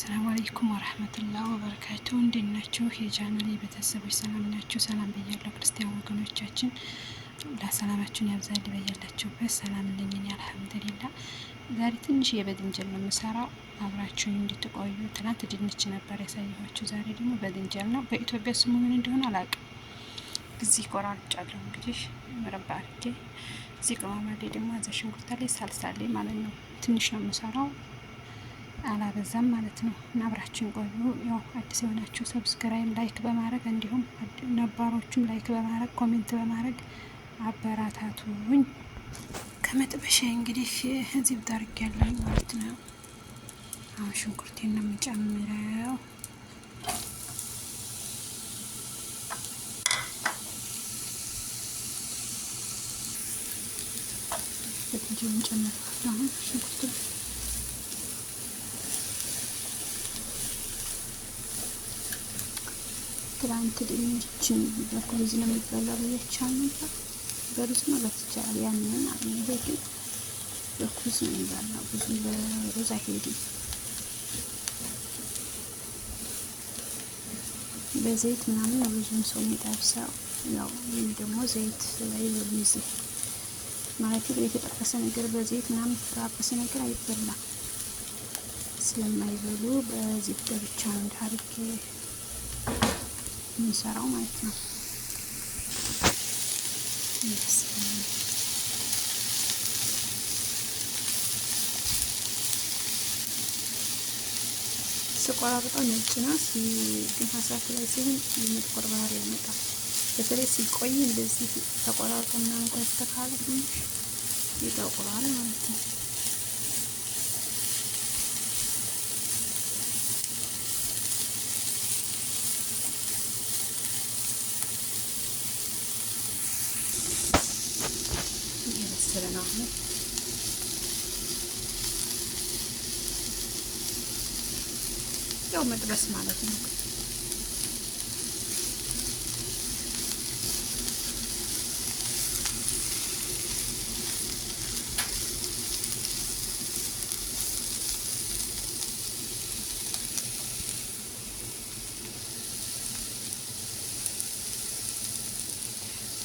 ሰላም አለይኩም ወረህመቱላህ ወበረካቱ። እንዴት ናችሁ? የቻናሌ ቤተሰቦች ሰላም ናችሁ? ሰላም ብያለሁ። ክርስቲያን ወገኖቻችን ለሰላማችሁን ያብዛል። በያላችሁበት ሰላም እንደኝን አልሐምዱሊላ። ዛሬ ትንሽ የበድንጀል ነው የምሰራው፣ አብራችሁን እንድትቆዩ። ትናንት ድንች ነበር ያሳየኋችሁ፣ ዛሬ ደግሞ በድንጀል ነው። በኢትዮጵያ ስሙ ምን እንደሆነ አላውቅም። እዚህ ቆራርጫለሁ እንግዲህ ምርባ አድርጌ እዚህ ቅመማ ላይ ደግሞ አዘ ላይ ሳልሳ ላይ ማለት ነው። ትንሽ ነው የምሰራው አላበዛም ማለት ነው። እና ቆዩ። ያው አዲስ የሆናችሁ ሰብስክራይብ፣ ላይክ በማድረግ እንዲሁም ነባሮቹም ላይክ በማድረግ ኮሜንት በማድረግ አበራታቱኝ። ከመጥበሻ እንግዲህ እዚህ ብታርግ ያለኝ ማለት ነው። አሁን ሽንኩርቴ ነው የምጨምረው። በትንሽ አሁን ሽንኩርት ትላንት ድንችን በኮሪዝ ነው የሚበላው ብያቻል ነበር። በሩዝ መብላት ይቻላል። ያንን ይሄ ግን በኮሪዝ ነው የሚበላው፣ ብዙ በሩዝ አይሄድም። በዘይት ምናምን ነው ብዙም ሰው የሚጠብሰው። ያው ይህ ደግሞ ዘይት አይበሉ ይዘ ማለት የተጠበሰ ነገር በዘይት ምናምን የተጠባበሰ ነገር አይበላም ስለማይበሉ በዚህ ብቻ ነው እንዳርጌ የምንሰራው ማለት ነው። ስቆራርጠው ነጭ ነው። ሲግን ሀሳት ላይ ሲሆን የመጥቆር ባህር ያመጣል። በተለይ ሲቆይ እንደዚህ ተቆራርጦ ምናምን ከተካለ ይጠቁራል ማለት ነው። مثلا اهو ያው መጥበስ ማለት ነው።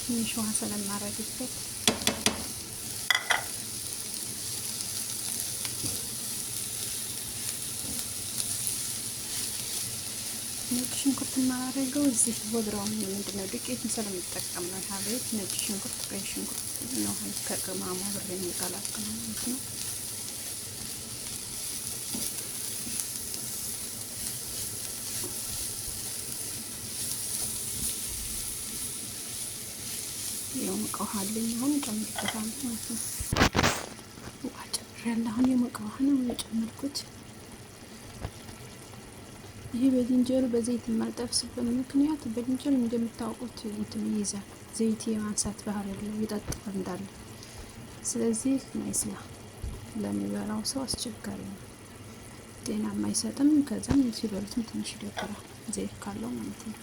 ትንሽ ውሃ ስለማረግበት ሽንኩርት የማደርገው እዚህ ወድረው ምንድነው ዱቄቱን ስለምጠቀም ነው። ቤት ነጭ ሽንኩርት፣ ቀይ ሽንኩርት ነው ከቅማማ ብር የሚቀላቅለው ማለት ነው። የሞቀ ውሃ አለኝ አሁን ጨምርበታለሁ ማለት ነው። ውሃ ጨምሬያለሁ። አሁን የሞቀ ውሃ ነው የጨመርኩት። ይህ በድንጀሉ በዘይት የማልጠብስበት ምክንያት በድንጀሉ እንደምታውቁት እንትን ይይዛል ዘይት የማንሳት ባህር ያለው ይጠጥር እንዳለ። ስለዚህ ማይስላ ለሚበላው ሰው አስቸጋሪ ነው፣ ጤና የማይሰጥም ከዛም ሲበሉትም ትንሽ ይደብራል፣ ዘይት ካለው ማለት ነው።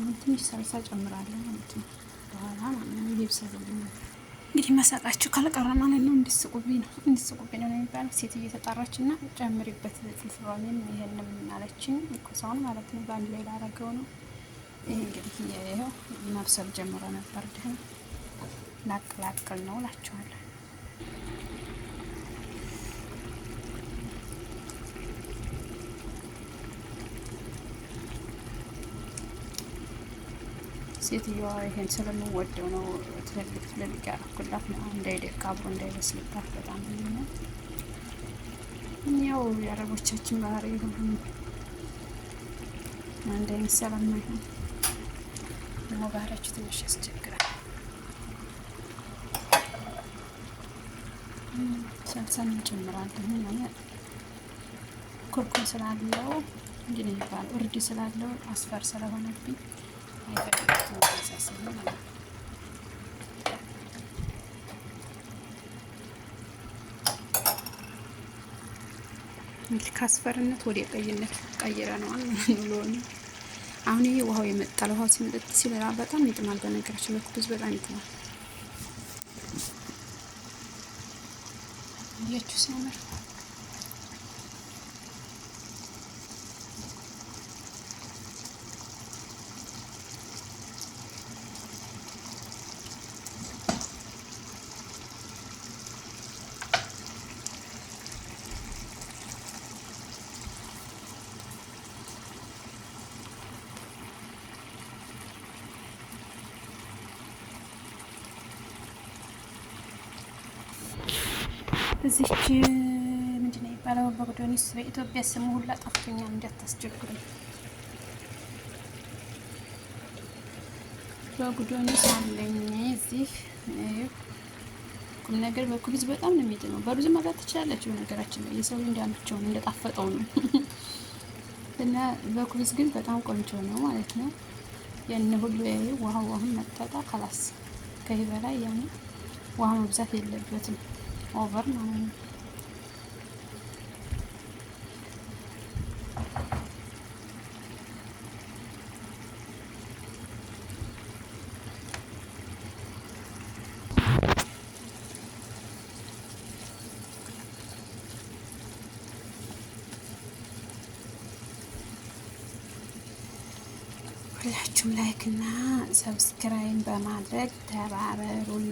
አሁን ትንሽ ሳልሳ ጨምራለሁ ማለት ነው። በኋላ ማለት ነው ይብሰልልኛል እንግዲህ መሳቃችሁ ካልቀረ ማለት ነው። እንድስቁብኝ ነው እንድስቁብኝ ነው የሚባለው። ሴት እየተጣራች እና ጨምሪበት ፍልፍሏሚን ይሄንም አለችኝ። ኮሳውን ማለት ነው በአንድ ላይ ላረገው ነው። ይህ እንግዲህ ይኸው መብሰል ጀምሮ ነበር ድህን ላቅላቅል ነው ላቸዋለን። ሴትዮዋ ይሄን ስለምወደው ነው ትልልቅ ትልልቅ ያረኩላት ነው። እንዳይደቅ አብሮ እንዳይበስልባት በጣም ነው። ያው የአረቦቻችን ባህሪ ሁሉም አንድ አይነት ይሆን ደግሞ ባህሪያቸው ትንሽ ያስቸግራል። ሰልሰን እንጨምራለን ማለት ኩርኩም ስላለው እንግዲህ ይባል እርድ ስላለው አስፈር ስለሆነብኝ እንግዲህ ከአስፈርነት ወደ ቀይነት ቀይረ ነዋል ሎኒ አሁን ይሄ ውሃው የመጣል ውሃው ሲመጠጥ ሲል በጣም ይጥማል። በነገራችን በኩብዝ በጣም ይጥማል። እያችሁ ሲያምር እዚች ምንድነው የሚባለው መቅዶኒስ በኢትዮጵያ ስሙ ሁላ ጠፍቶኛል። እንዳታስቸግሩኝ። በጉዶኒስ አለኝ እዚህ ቁም ነገር በኩብዝ በጣም ነው የሚጥመው። በሩዝ መብላት ትችላላችሁ። ነገራችን ላይ የሰው እንዳመቸው ነው እንደጣፈጠው ነው እና በኩብዝ ግን በጣም ቆንጆ ነው ማለት ነው። ያን ሁሉ ያዩ ውሃው አሁን ከላስ ከዚህ በላይ ያን ውሃ መብዛት የለበትም። ኦቨር ነው። ሁላችሁም ላይክ እና ሰብስክራይብ በማድረግ ተባበሩኝ።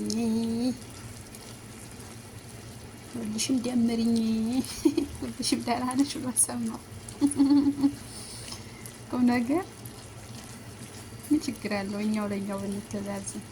ሁልሽም ደምርኝ ሁልሽም ደህና ነሽ ብሎ ሰማሁ። ቁም ነገር ምን ችግር አለው? እኛው ለእኛው ብንተዛዝን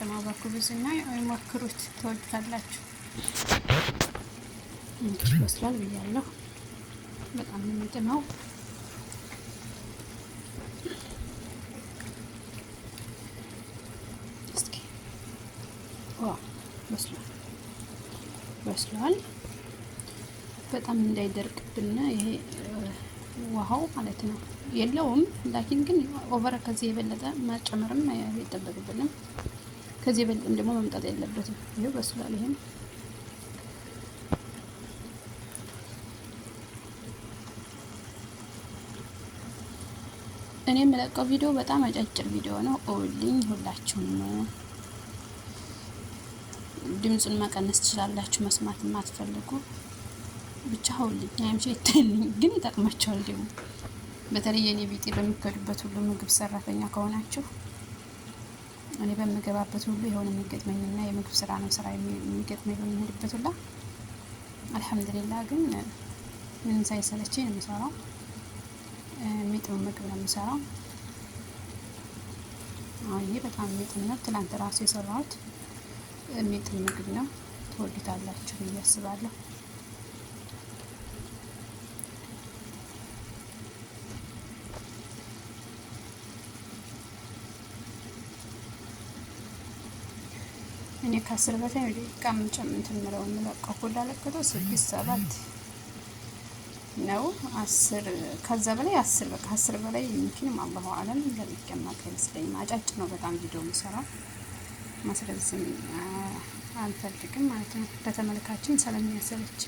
አትማባክሉትና ሞክሩት፣ ትወዱታላችሁ። እንግዲህ ይመስላል ብያለሁ። በጣም የሚጥመው እስኪ በስሏል፣ በስሏል። በጣም እንዳይደርቅብን ይሄ ውሃው ማለት ነው የለውም። ላኪን ግን ኦቨር ከዚህ የበለጠ መጨመርም አይጠበቅብንም። ከዚህ በልጥም ደግሞ መምጣት የለበትም። ይሄው በስሏል። ይሄን እኔ የምለቀው ቪዲዮ በጣም አጫጭር ቪዲዮ ነው። ኦልኝ ሁላችሁም ነው። ድምፁን መቀነስ ትችላላችሁ፣ መስማት የማትፈልጉ ብቻ ሆልኝ አይምሽ ይተልኝ፣ ግን ይጠቅማቸዋል። ደግሞ በተለይ የኔ ቢጤ በሚከዱበት ሁሉ ምግብ ሰራተኛ ከሆናችሁ እኔ በምገባበት ሁሉ የሆነ የሚገጥመኝና የምግብ ስራ ነው ስራ የሚገጥመኝ በምሄድበት ሁላ አልሐምዱሊላ ግን ምንም ሳይሰለቼ ነው የምሰራው። የሚጥም ምግብ ነው የምሰራው። ይሄ በጣም የሚጥም ነው። ትላንት ራሱ የሰራሁት የሚጥም ምግብ ነው። ትወዱታላችሁ ብዬ አስባለሁ። እኔ ከአስር በታይ ወደ ቃም ጨምንት ምለው የምለቀው ሁላ ለቅቶ ስድስት ሰባት ነው። አስር ከዛ በላይ አስር በቃ አስር በላይ የሚችልም አላሁ አለም እንደሚቀመጥ አይመስለኝም። አጫጭ ነው በጣም ቪዲዮ የምሰራው ማስረዝም አልፈልግም ማለት ነው ለተመልካችን ስለሚያሰለች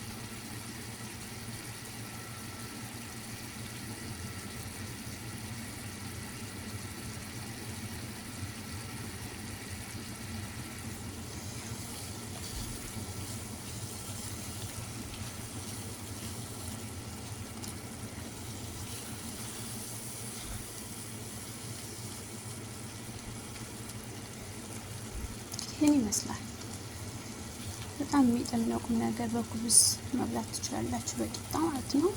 ምን ይመስላል። በጣም የሚጥም ነው ቁም ነገር። በኩብስ መብላት ትችላላችሁ፣ በቂጣ ማለት ነው።